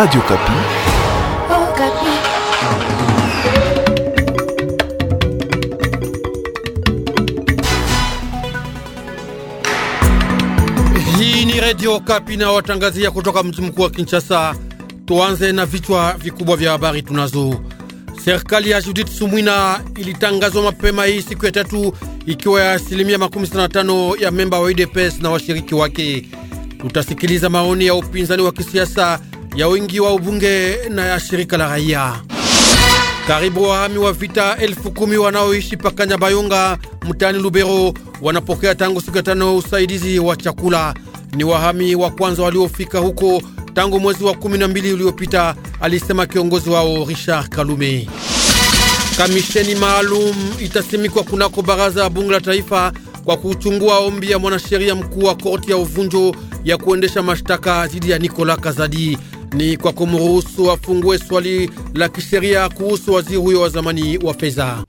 Radio Kapi. Oh, Kapi. Hii ni Radio Kapi na watangazia kutoka mji mkuu wa Kinshasa. Tuanze na vichwa vikubwa vya habari tunazo. Serikali ya Judith Sumwina ilitangazwa mapema hii siku ya tatu ikiwa ya asilimia makumi ya memba wa UDPS na washiriki wake. Tutasikiliza maoni ya upinzani wa kisiasa ya wingi wa ubunge na ya shirika la raia. Karibu wahami wa vita elfu kumi wanaoishi pakanya bayonga mtaani Lubero wanapokea tangu siku ya tano usaidizi wa chakula. Ni wahami wa kwanza waliofika huko tangu mwezi wa 12 uliopita, alisema kiongozi wao Richard Kalume. Kamisheni maalum itasimikwa kunako baraza ya bunge la taifa kwa kuchungua ombi ya mwanasheria mkuu wa korti ya uvunjo ya kuendesha mashtaka dhidi ya Nikola Kazadi ni kwa kumruhusu afungue swali la kisheria kuhusu waziri huyo wa zamani wa fedha.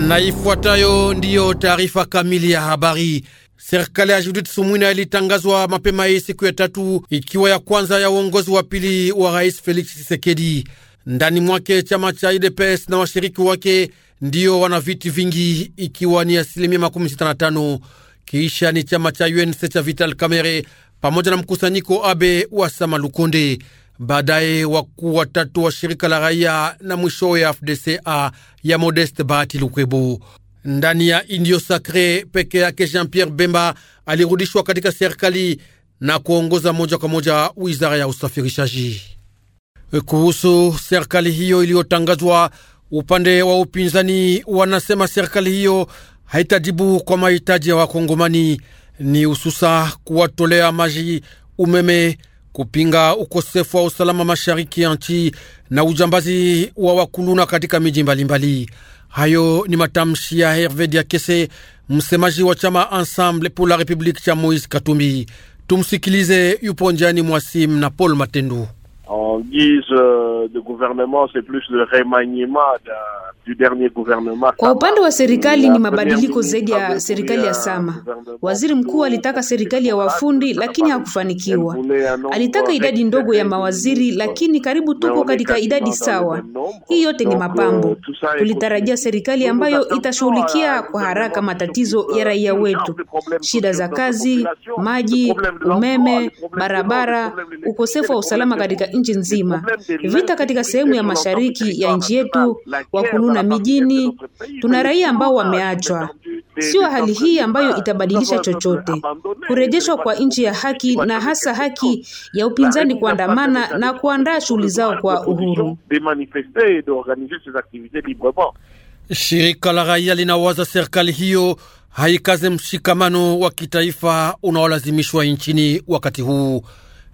Na ifuatayo ndiyo taarifa kamili ya habari. Serikali ya Judith Sumwina ilitangazwa mapema hii siku ya tatu, ikiwa ya kwanza ya uongozi wa pili wa Rais Felix Tshisekedi. Ndani mwake chama cha UDPS na washiriki wake ndiyo wana viti vingi, ikiwa ni asilimia makumi sita na tano. Kisha ni chama cha UNC cha Vital Kamere pamoja na mkusanyiko Abe wa lukonde baadaye wakuu watatu wa shirika la raia na mwisho ya FDCA ya Modeste Bahati lukwebu Ndani ya Indio Sacre peke yake Jean Pierre Bemba alirudishwa katika serikali na kuongoza moja kwa moja wizara ya usafirishaji. Kuhusu serikali hiyo iliyotangazwa, upande wa upinzani wanasema serikali hiyo haitajibu kwa mahitaji ya Wakongomani ni hususa kuwatolea maji, umeme, kupinga ukosefu wa usalama mashariki ya nchi na ujambazi wa wakuluna katika miji mbalimbali. Hayo ni matamshi ya Herve Diakese, msemaji wa chama Ensemble pour la République cha Moise Katumbi. Tumsikilize, yupo njiani mwasim na Paul Matendu. En guise euh, de gouvernement, c'est plus le remaniement du dernier gouvernement. Kwa upande wa serikali ni mabadiliko zaidi ya serikali ya Sama. Waziri mkuu alitaka serikali ya wafundi lakini hakufanikiwa. Alitaka idadi ndogo ya mawaziri lakini karibu tuko katika idadi sawa. Hii yote ni euh, mapambo. Tulitarajia serikali ambayo itashughulikia kwa haraka matatizo ya raia wetu, shida za kazi, maji, umeme, barabara, ukosefu wa usalama katika nchi nzima. Vita katika sehemu ya mashariki ya nchi yetu, wakuluna mijini, tuna raia ambao wameachwa. Sio hali hii ambayo itabadilisha uh, chochote. Kurejeshwa kwa nchi ya haki na hasa haki ya upinzani kuandamana na kuandaa shughuli zao kwa uhuru. Shirika la raia linawaza serikali hiyo haikaze mshikamano wa kitaifa unaolazimishwa nchini wakati huu.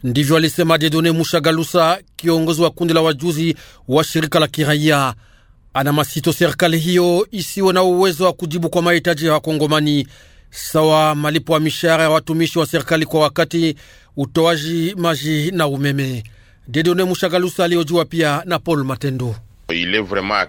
Ndivyo alisema Dedone Mushagalusa, kiongozi wa kundi la wajuzi wa shirika la kiraia. Ana masito serikali hiyo isiwe na uwezo wa kujibu kwa mahitaji ya Wakongomani, sawa malipo ya mishahara ya watumishi wa serikali kwa wakati, utoaji maji na umeme. Dedone Mushagalusa aliojiwa pia na Paul Matendo.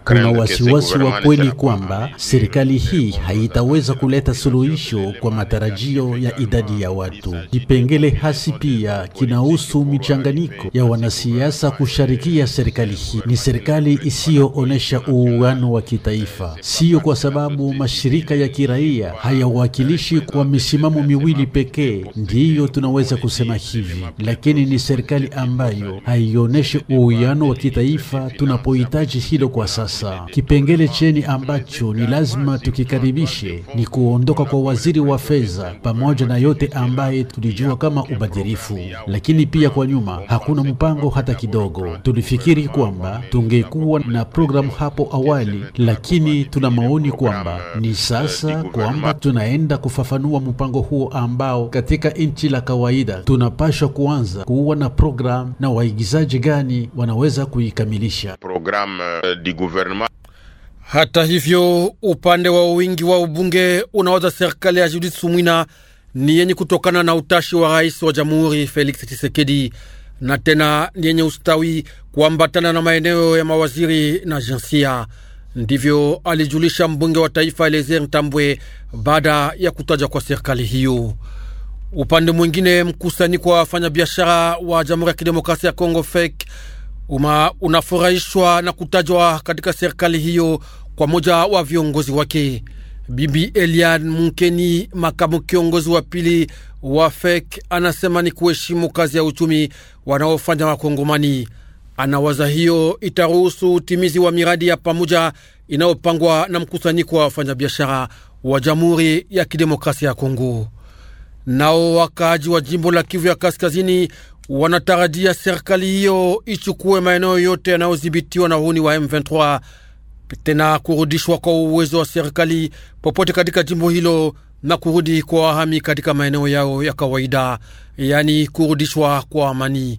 Kuna wasiwasi wa kweli kwamba serikali hii haitaweza kuleta suluhisho kwa matarajio ya idadi ya watu. Kipengele hasi pia kinahusu michanganyiko ya wanasiasa kusharikia serikali hii. Ni serikali isiyoonyesha uungano wa kitaifa, siyo kwa sababu mashirika ya kiraia hayawakilishi kwa misimamo miwili pekee, ndiyo tunaweza kusema hivi, lakini ni serikali ambayo haionyeshi uwiano wa kitaifa tunapohitaji nchi hilo kwa sasa. Kipengele cheni ambacho ni lazima tukikaribishe ni kuondoka kwa waziri wa fedha, pamoja na yote ambaye tulijua kama ubadhirifu, lakini pia kwa nyuma hakuna mpango hata kidogo. Tulifikiri kwamba tungekuwa na programu hapo awali, lakini tuna maoni kwamba ni sasa kwamba tunaenda kufafanua mpango huo ambao katika nchi la kawaida tunapashwa kuanza kuwa na programu na waigizaji gani wanaweza kuikamilisha programu Euh, du gouvernement. Hata hivyo, upande wa wingi wa ubunge unawaza serikali ya Judith Sumwina ni yenye kutokana na utashi wa rais wa jamhuri Felix Tshisekedi na tena ni yenye ustawi kuambatana na maeneo ya mawaziri na jinsia. Ndivyo alijulisha mbunge wa taifa Elezer Ntambwe baada ya kutaja kwa serikali hiyo. Upande mwingine, mkusanyiko wa wafanyabiashara wa Jamhuri ya Kidemokrasia ya Kongo FEK uma unafurahishwa na kutajwa katika serikali hiyo kwa moja wa viongozi wake, Bibi Elian Munkeni, makamu kiongozi wa pili wa FEK, anasema ni kuheshimu kazi ya uchumi wanaofanya Wakongomani. Anawaza hiyo itaruhusu utimizi wa miradi ya pamoja inayopangwa na mkusanyiko wa wafanyabiashara wa Jamhuri ya Kidemokrasia ya Kongo. Nao wakaaji wa jimbo la Kivu ya Kaskazini wanatarajia serikali hiyo ichukue maeneo yote yanayodhibitiwa na uhuni wa M23 tena kurudishwa kwa uwezo wa serikali popote katika jimbo hilo na kurudi kwa wahami katika maeneo yao ya kawaida, yani kurudishwa kwa amani.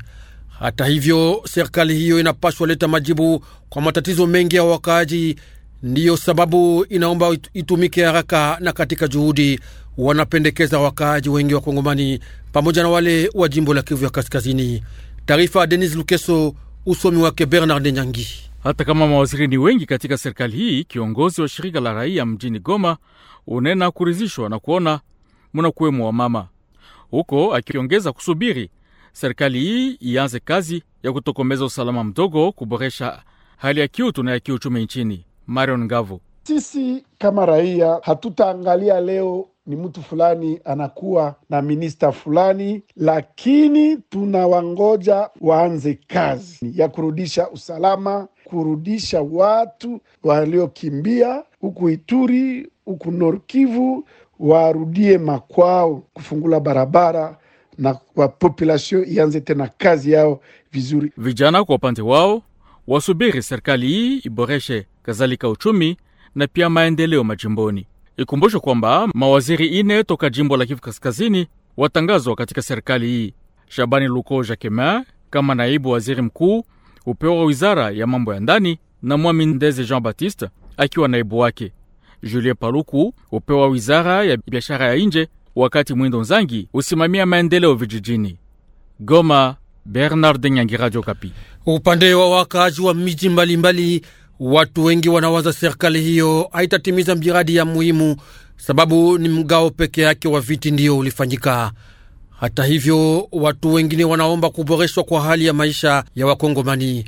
Hata hivyo, serikali hiyo inapaswa leta majibu kwa matatizo mengi ya wakaaji Ndiyo sababu inaomba itumike haraka na katika juhudi wanapendekeza wakaaji wengi wa Kongomani pamoja na wale wa jimbo la Kivu ya Kaskazini. Taarifa Denis Lukeso, usomi wake Bernard Nyangi. Hata kama mawaziri ni wengi katika serikali hii, kiongozi wa shirika la raia mjini Goma unena kurizishwa na kuona kuwemo wa mama huko, akiongeza kusubiri serikali hii ianze kazi ya kutokomeza usalama mdogo, kuboresha hali ya kiutu na ya kiuchumi nchini. Marion Gavo. Sisi kama raia hatutaangalia leo ni mtu fulani anakuwa na minista fulani, lakini tunawangoja waanze kazi ya kurudisha usalama, kurudisha watu waliokimbia huku Ituri, huku Norkivu, warudie makwao, kufungula barabara na kwa population ianze tena kazi yao vizuri. Vijana kwa upande wao wasubiri serikali hii iboreshe kadhalika uchumi na pia maendeleo majimboni. Ikumbushwe kwamba mawaziri ine toka jimbo la Kivu Kaskazini watangazwa katika serikali hii. Shabani Luko Jacquemin kama naibu waziri mkuu hupewa wizara ya mambo ya ndani na Mwami Ndeze Jean Baptiste akiwa naibu wake. Julien Paluku hupewa wizara ya biashara ya nje, wakati Mwindo Nzangi husimamia maendeleo vijijini. Goma, Bernard Nyangi, Radio Kapi. Upande wa wakaaji wa miji mbalimbali, watu wengi wanawaza serikali hiyo haitatimiza miradi ya muhimu, sababu ni mgao peke yake wa viti ndiyo ulifanyika. Hata hivyo, watu wengine wanaomba kuboreshwa kwa hali ya maisha ya Wakongomani.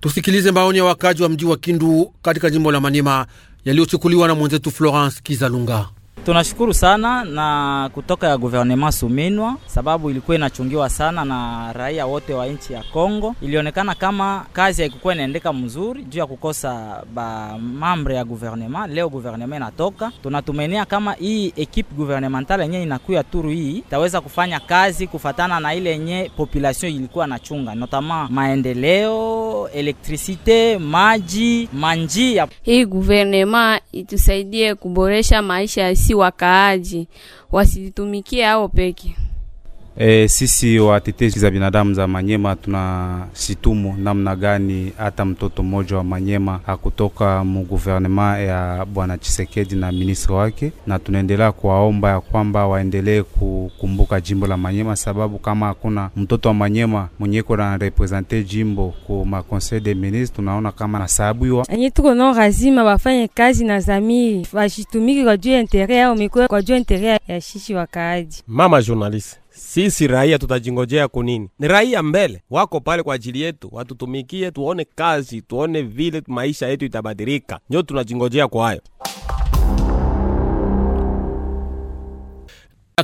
Tusikilize maoni ya wakaaji wa mji wa Kindu katika jimbo la Manema yaliyochukuliwa na mwenzetu Florence Kizalunga. Tunashukuru sana na kutoka ya guvernema Suminwa, sababu ilikuwa inachungiwa sana na raia wote wa nchi ya Kongo. Ilionekana kama kazi haikukuwa inaendeka mzuri juu ya kukosa ba mambre ya guvernema. Leo guvernema inatoka, tunatumenia kama hii ekipe gouvernementale yenye inakuya turu hii itaweza kufanya kazi kufatana na ile yenye population ilikuwa nachunga, notama maendeleo, elektrisite, maji, manjia. Hii guvernema itusaidie kuboresha maisha ya sisi wakaaji wasijitumikie ao peke E, sisi watetezi za binadamu za Manyema situmu namna gani hata mtoto mmoja wa Manyema akutoka mu ya bwana Chisekedi na ministri wake, na tunaendelea kuwaomba ya kwamba waendelee kukumbuka jimbo la Manyema, sababu kama hakuna mtoto wa Manyema mwenyeko na represente jimbo ku ma conseil des ministres, tunaona kama hiyo enye tuko no razima wafanye kazi na zamiri, washitumiki kwa juu ya intere yao mikwe, kwa juu ya intere ya shishi wakaaji. Mama journaliste sisi raia tutajingojea kunini? Ni raia mbele wako pale kwa ajili yetu, watutumikie, tuone kazi, tuone vile maisha yetu itabadilika. njo tunajingojea kwayo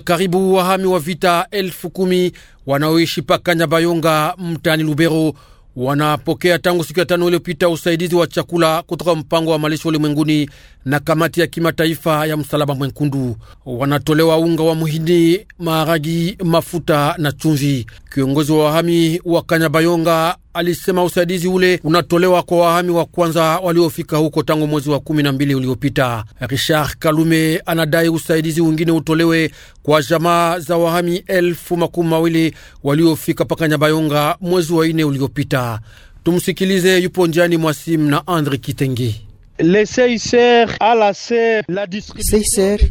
Karibu wahami wa vita elfu kumi wanaoishi pa Kanyabayonga mtani Lubero wanapokea tangu siku ya tano iliyopita usaidizi wa chakula kutoka mpango wa malisho ulimwenguni na kamati ya kimataifa ya msalaba mwekundu. Wanatolewa unga wa muhindi, maharagi, mafuta na chumvi. Kiongozi wa wahami wa Kanyabayonga alisema usaidizi ule unatolewa kwa wahami wa kwanza waliofika huko tangu mwezi wa kumi na mbili uliopita. Richard Kalume anadai usaidizi wengine utolewe kwa jamaa za wahami elfu makumi mawili waliofika paka Nyabayonga mwezi wa ine uliopita. Tumsikilize, yupo njiani mwa simu na Andre Kitengi. Seiser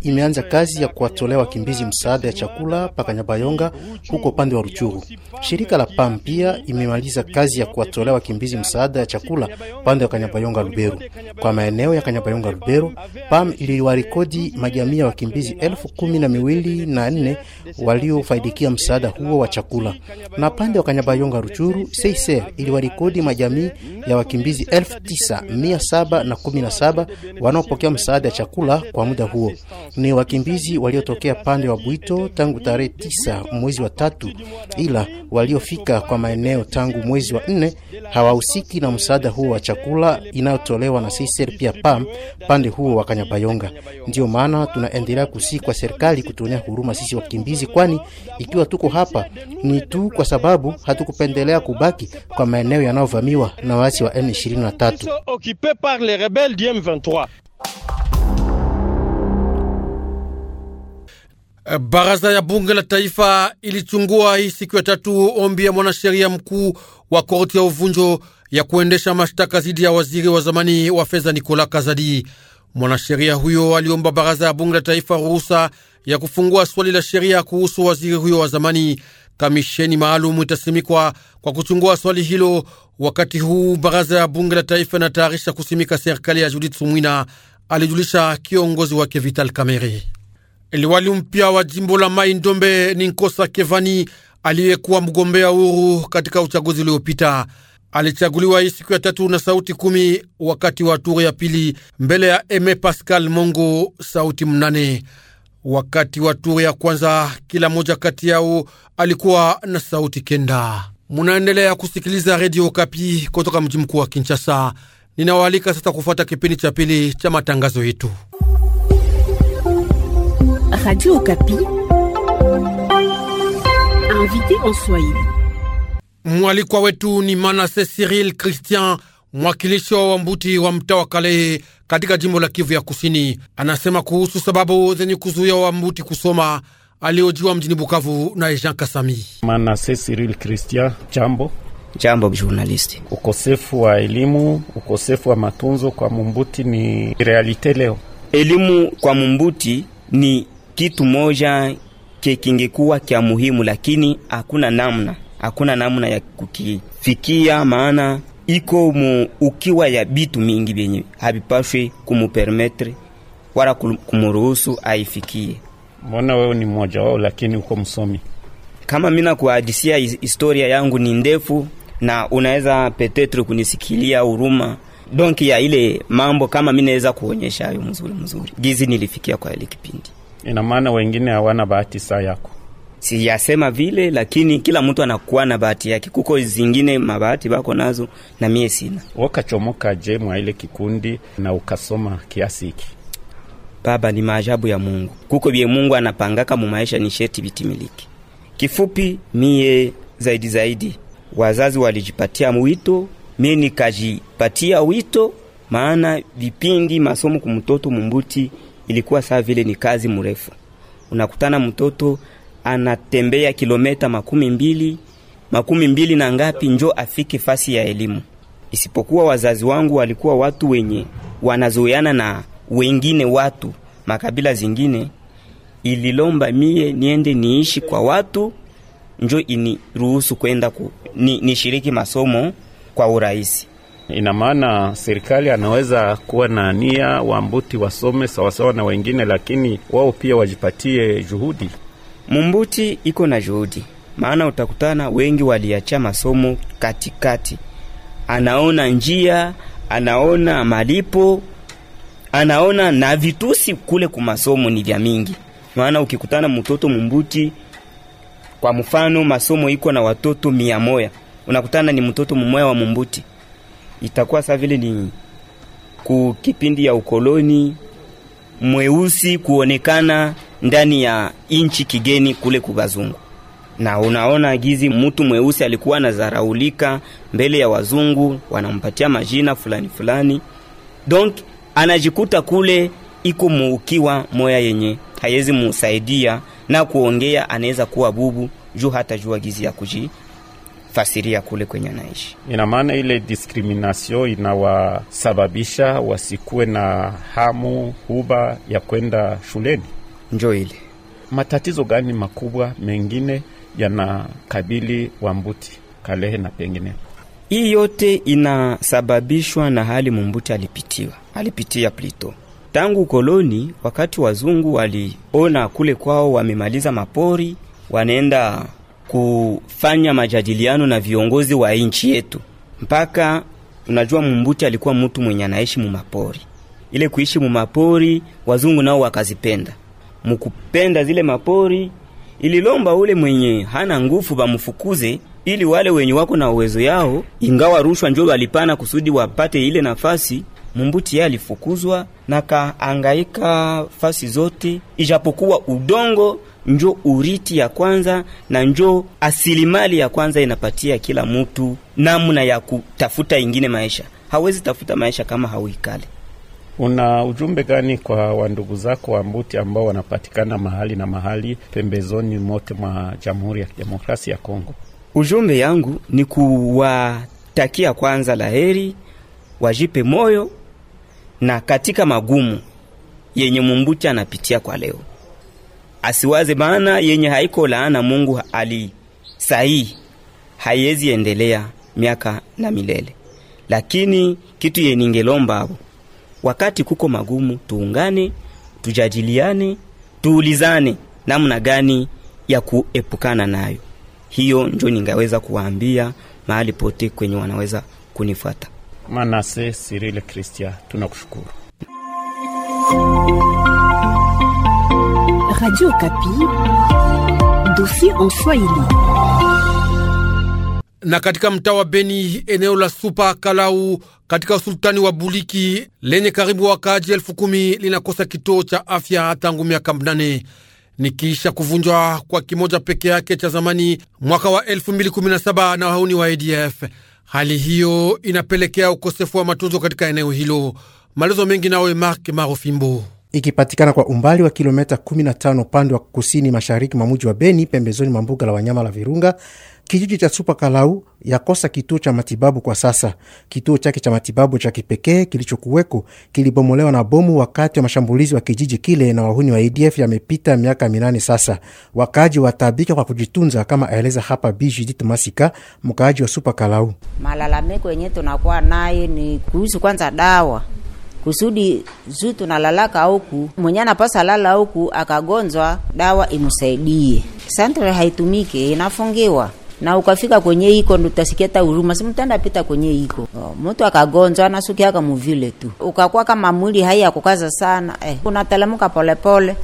imeanza kazi ya kuwatolea wakimbizi msaada ya chakula paka Nyabayonga huko upande wa Ruchuru. Shirika la PAM pia imemaliza kazi ya kuwatolea wakimbizi msaada ya chakula upande wa Kanyabayonga Luberu. Kwa maeneo ya Kanyabayonga luberu PAM iliwarekodi majamii ya wakimbizi elfu kumi na miwili na nne waliofaidikia msaada huo wa chakula, na pande wa Kanyabayonga Ruchuru, Seiser iliwarekodi majamii ya wakimbizi elfu tisa mia saba na kumi 17 wanaopokea msaada ya chakula kwa muda huo ni wakimbizi waliotokea pande wa Bwito tangu tarehe tisa mwezi wa tatu, ila waliofika kwa maeneo tangu mwezi wa nne hawahusiki na msaada huo wa chakula inayotolewa na CICR pia PAM pande huo wa Kanyabayonga. Ndiyo maana tunaendelea kusii kwa serikali kutuonea huruma sisi wakimbizi, kwani ikiwa tuko hapa ni tu kwa sababu hatukupendelea kubaki kwa maeneo yanayovamiwa na waasi wa M23 celle du M23. Baraza ya bunge la taifa ilichungua hii siku ya tatu ombi ya mwanasheria mkuu wa korti ya uvunjo ya kuendesha mashtaka dhidi ya waziri wa zamani wa fedha Nikola Kazadi. Mwanasheria huyo aliomba baraza ya bunge la taifa ruhusa ya kufungua swali la sheria kuhusu waziri huyo wa zamani Kamisheni maalumu itasimikwa kwa kuchungua swali hilo. Wakati huu baraza ya bunge la taifa inatayarisha kusimika serikali ya Judith Sumwina, alijulisha kiongozi wake Vital Kamerhe. Liwali mpya wa jimbo la Mai Ndombe ni Nkosa Kevani, aliyekuwa mgombea huru katika uchaguzi uliopita. Alichaguliwa hii siku ya tatu na sauti kumi wakati wa turu ya pili mbele ya Eme Pascal Mongo sauti mnane. Wakati wa turi ya kwanza, kila moja kati yao alikuwa na sauti kenda. Munaendelea kusikiliza redio Kapi kutoka mji mkuu wa Kinshasa. Ninawaalika sasa kufuata kipindi cha pili cha matangazo yetu Mwalikwa wetu ni Manase Cyril Christian mwakilishi wa Wambuti wa mtaa wa Kalehe katika jimbo la Kivu ya Kusini, anasema kuhusu sababu zenye kuzuia Wambuti kusoma aliojiwa mjini Bukavu na Jean Kasami Manase Cyril Christian. Jambo jambo, journalist. Ukosefu wa elimu, ukosefu wa matunzo kwa mumbuti ni realite leo. Elimu kwa mumbuti ni kitu moja kekingekuwa kya muhimu, lakini hakuna namna, hakuna namna ya kukifikia, maana iko mu ukiwa ya bitu mingi vyenye havipashwi kumupermetre wala kumuruhusu aifikie. Mbona wewe ni mmoja wao, lakini uko msomi. Kama mina kuadisia historia yangu ni ndefu, na unaweza petetre kunisikilia huruma donki ya ile mambo, kama mimi naweza kuonyesha hayo mzuri mzuri gizi nilifikia kwa ile kipindi. Ina maana wengine hawana bahati saa yako sijasema vile, lakini kila mtu anakuwa na bahati yake. Kuko zingine mabahati bako nazo na mie sina. Wakachomoka je mwa ile kikundi na ukasoma kiasi hiki? Baba, ni maajabu ya Mungu. Kuko vye Mungu anapangaka mumaisha ni sheti vitimiliki Kifupi, mie zaidi zaidi wazazi walijipatia mwito mie nikajipatia wito, maana vipindi masomo kumtoto mumbuti ilikuwa saa vile ni kazi mrefu. Unakutana mtoto anatembea kilometa makumi mbili makumi mbili na ngapi njo afike fasi ya elimu, isipokuwa wazazi wangu walikuwa watu wenye wanazoeana na wengine watu makabila zingine. Ililomba mie niende niishi kwa watu njo iniruhusu kwenda ku, ni, nishiriki masomo kwa urahisi. Ina maana serikali anaweza kuwa na nia wambuti wasome sawasawa na wengine, lakini wao pia wajipatie juhudi Mumbuti iko na juhudi, maana utakutana wengi waliacha masomo katikati, anaona njia, anaona malipo, anaona na vitusi kule masomo ni vya mingi. Maana ukikutana mtoto Mumbuti, kwa mfano, masomo iko na watoto mia moya, unakutana ni mtoto mmoja wa Mumbuti, itakuwa saa vile ni ku kipindi ya ukoloni mweusi kuonekana ndani ya inchi kigeni kule kubazungu. Na unaona gizi mtu mweusi alikuwa anazaraulika mbele ya wazungu, wanampatia majina fulani fulani, donc anajikuta kule iko muukiwa moya yenye hayezi musaidia na kuongea, anaweza kuwa bubu juu hata jua gizi ya kuji fasiria kule kwenye anaishi. Ina maana ile diskriminasio inawasababisha wasikuwe na hamu huba ya kwenda shuleni njo ile. Matatizo gani makubwa mengine yanakabili Wambuti Kalehe na pengine? Hii yote inasababishwa na hali Mumbuti alipitiwa, alipitia Plito tangu ukoloni. Wakati wazungu waliona kule kwao wamemaliza mapori, wanaenda kufanya majadiliano na viongozi wa nchi yetu. Mpaka unajua, Mumbuti alikuwa mtu mwenye anaishi mumapori, ile kuishi mumapori wazungu nao wakazipenda mukupenda zile mapori ililomba ule mwenye hana ngufu bamufukuze ili wale wenye wako na uwezo yao, ingawa rushwa njo walipana kusudi wapate ile nafasi. Mumbuti yeye alifukuzwa na kaangaika fasi zote, ijapokuwa udongo njo uriti ya kwanza na njo asilimali ya kwanza inapatia kila mtu namna ya kutafuta ingine maisha. Hawezi tafuta maisha kama hauikali Una ujumbe gani kwa wandugu zako Wambuti ambao wanapatikana mahali na mahali pembezoni mote mwa Jamhuri ya Kidemokrasia ya Kongo? Ujumbe yangu ni kuwatakia kwanza laheri, wajipe moyo na katika magumu yenye mumbuti anapitia kwa leo asiwaze maana yenye haiko laana Mungu ali sahihi haiwezi endelea miaka na milele, lakini kitu yeningelomba hapo wakati kuko magumu, tuungane, tujadiliane, tuulizane namna gani ya kuepukana nayo. Hiyo njo ningaweza kuwaambia mahali pote kwenye wanaweza kunifuata. Manase Sirile Kristia, tunakushukuru. Radio Kapi, dossier en Swahili na katika mtaa wa Beni, eneo la Supa Kalau katika usultani wa Buliki lenye karibu wakaaji elfu kumi linakosa kituo cha afya tangu miaka mnane nikiisha kuvunjwa kwa kimoja peke yake cha zamani mwaka wa 2017 na wahuni wa ADF. Hali hiyo inapelekea ukosefu wa matunzo katika eneo hilo. Maelezo mengi nawe Mark Marofimbo ikipatikana kwa umbali wa kilometa 15 upande wa kusini mashariki mwa muji wa Beni, pembezoni mwa mbuga la wanyama la Virunga, Kijiji cha Supa Kalau yakosa kituo cha matibabu kwa sasa. Kituo chake cha matibabu cha kipekee kilichokuweko kilibomolewa na bomu wakati wa mashambulizi wa kijiji kile na wahuni wa ADF yamepita miaka minane sasa. Wakaaji wataabika kwa kujitunza, kama aeleza hapa Bi Judith Masika, mkaaji wa Supa Kalau. Malalamiko yenye tunakuwa naye ni kuhusu kwanza dawa kusudi zu tunalalaka huku, mwenye anapasa lala huku akagonjwa, dawa imusaidie. Santre haitumike, inafungiwa na ukafika kwenye iko ndo utasikia ta huruma, si mtu andapita kwenye iko oh, mtu akagonjwa anasukia kama muvile tu, ukakuwa kama mwili haiyakukaza sana eh, unatelemuka polepole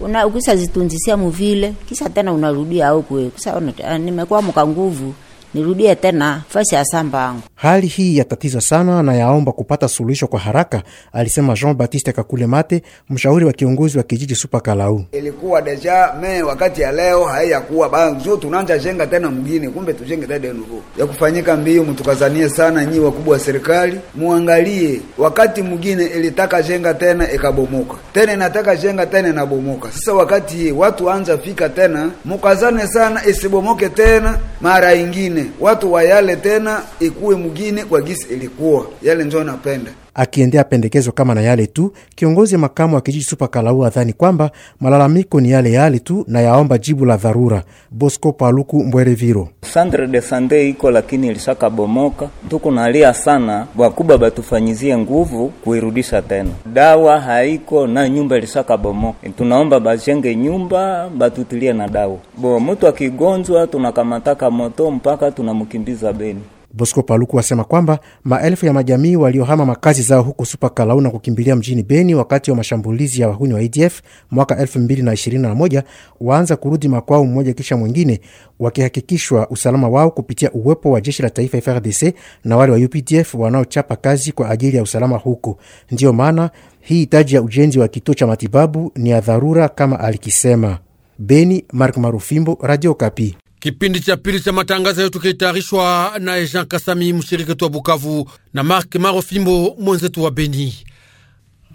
una ukisa zitunzisia muvile, kisa tena unarudia au kwe kusa ah, nimekuwa mka nguvu nirudie tena fasi ya samba yangu. Hali hii yatatiza sana na yaomba kupata suluhisho kwa haraka, alisema Jean Baptiste Kakule Mate, mshauri wa kiongozi wa kijiji Supa Kalau. Ilikuwa deja me wakati ya leo haiyakuwa banzo, tunanja jenga tena mgini, kumbe tujenge tena denuvo ya kufanyika mbio. Mtukazanie sana nyi wakubwa wa serikali, muangalie wakati mgine ilitaka jenga tena ikabomoka tena, inataka jenga tena inabomoka. Sasa wakati watu anza fika tena, mukazane sana isibomoke tena mara ingine watu wayale tena ikuwe mgine kwa gisi ilikuwa. Yale njo napenda. Akiendea pendekezo kama na yale tu, kiongozi makamu wa kijiji Kalau adhani kwamba malalamiko ni yale yale tu na yaomba jibu la dharura. Bosco Paluku Mbwereviro: centre de sante iko lakini ilishakabomoka, tukunalia sana, wakubwa batufanyizie nguvu kuirudisha tena. Dawa haiko na nyumba bomoka, e, tunaomba bajenge nyumba batutilie na dawa bo, mtu akigonjwa tunakamataka moto mpaka tunamkimbiza Beni. Bosco Paluku wasema kwamba maelfu ya majamii waliohama makazi zao huku supa kalauna kukimbilia mjini Beni wakati wa mashambulizi ya wahuni wa ADF mwaka 2021 waanza kurudi makwao mmoja kisha mwingine, wakihakikishwa usalama wao kupitia uwepo wa jeshi la taifa FRDC na wale wa UPDF wanaochapa kazi kwa ajili ya usalama huku. Ndiyo maana hii hitaji ya ujenzi wa kituo cha matibabu ni ya dharura kama alikisema. Beni, Mark Marufimbo, Radio Kapi. Kipindi cha pili cha matangazo yetu kilitayarishwa naye Jean Kasami, mshiriki wa Bukavu, na Mark Maro Fimbo, mwenzetu wa Beni.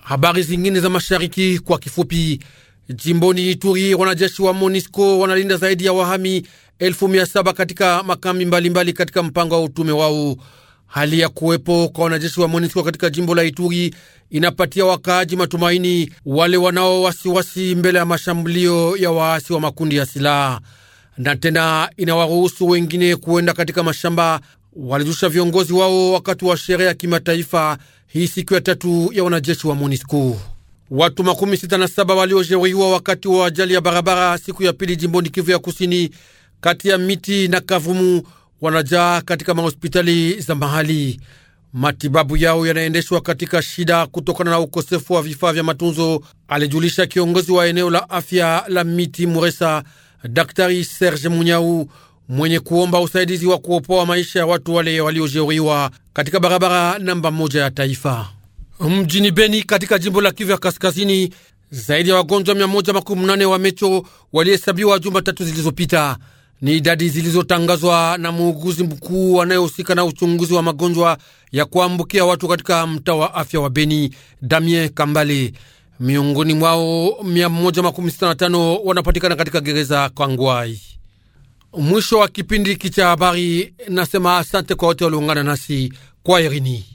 Habari zingine za mashariki kwa kifupi. Jimboni Ituri, wanajeshi wa MONISCO wanalinda zaidi ya wahami elfu mia saba katika makambi mbalimbali mbali katika mpango wa utume wao. Hali ya kuwepo kwa wanajeshi wa MONISCO katika jimbo la Ituri inapatia wakaaji matumaini, wale wanao wasiwasi mbele ya mashambulio ya waasi wa makundi ya silaha na tena inawaruhusu wengine kuenda katika mashamba, walizusha viongozi wao wakati wa sherehe ya kimataifa hii siku ya tatu ya wanajeshi wa MONUSCO. Watu makumi sita na saba waliojeruhiwa wakati wa ajali ya barabara siku ya pili jimboni Kivu ya Kusini, kati ya miti na Kavumu, wanajaa katika mahospitali za mahali. Matibabu yao yanaendeshwa katika shida kutokana na ukosefu wa vifaa vya matunzo, alijulisha kiongozi wa eneo la afya la miti Muresa Daktari Serge Munyau mwenye kuomba usaidizi wa kuopoa maisha ya watu wale waliojeruhiwa katika barabara namba moja ya taifa mjini Beni katika jimbo la Kivu ya Kaskazini. Zaidi ya wagonjwa 180 wa mecho walihesabiwa juma tatu zilizopita. Ni idadi zilizotangazwa na muuguzi mkuu anayehusika na uchunguzi wa magonjwa ya kuambukia watu katika mtaa wa afya wa Beni, Damien Kambale miongoni mwao 165 wanapatikana katika gereza Kangwai. Mwisho wa kipindi hiki cha habari, nasema asante kwa wote walioungana nasi kwa Irini.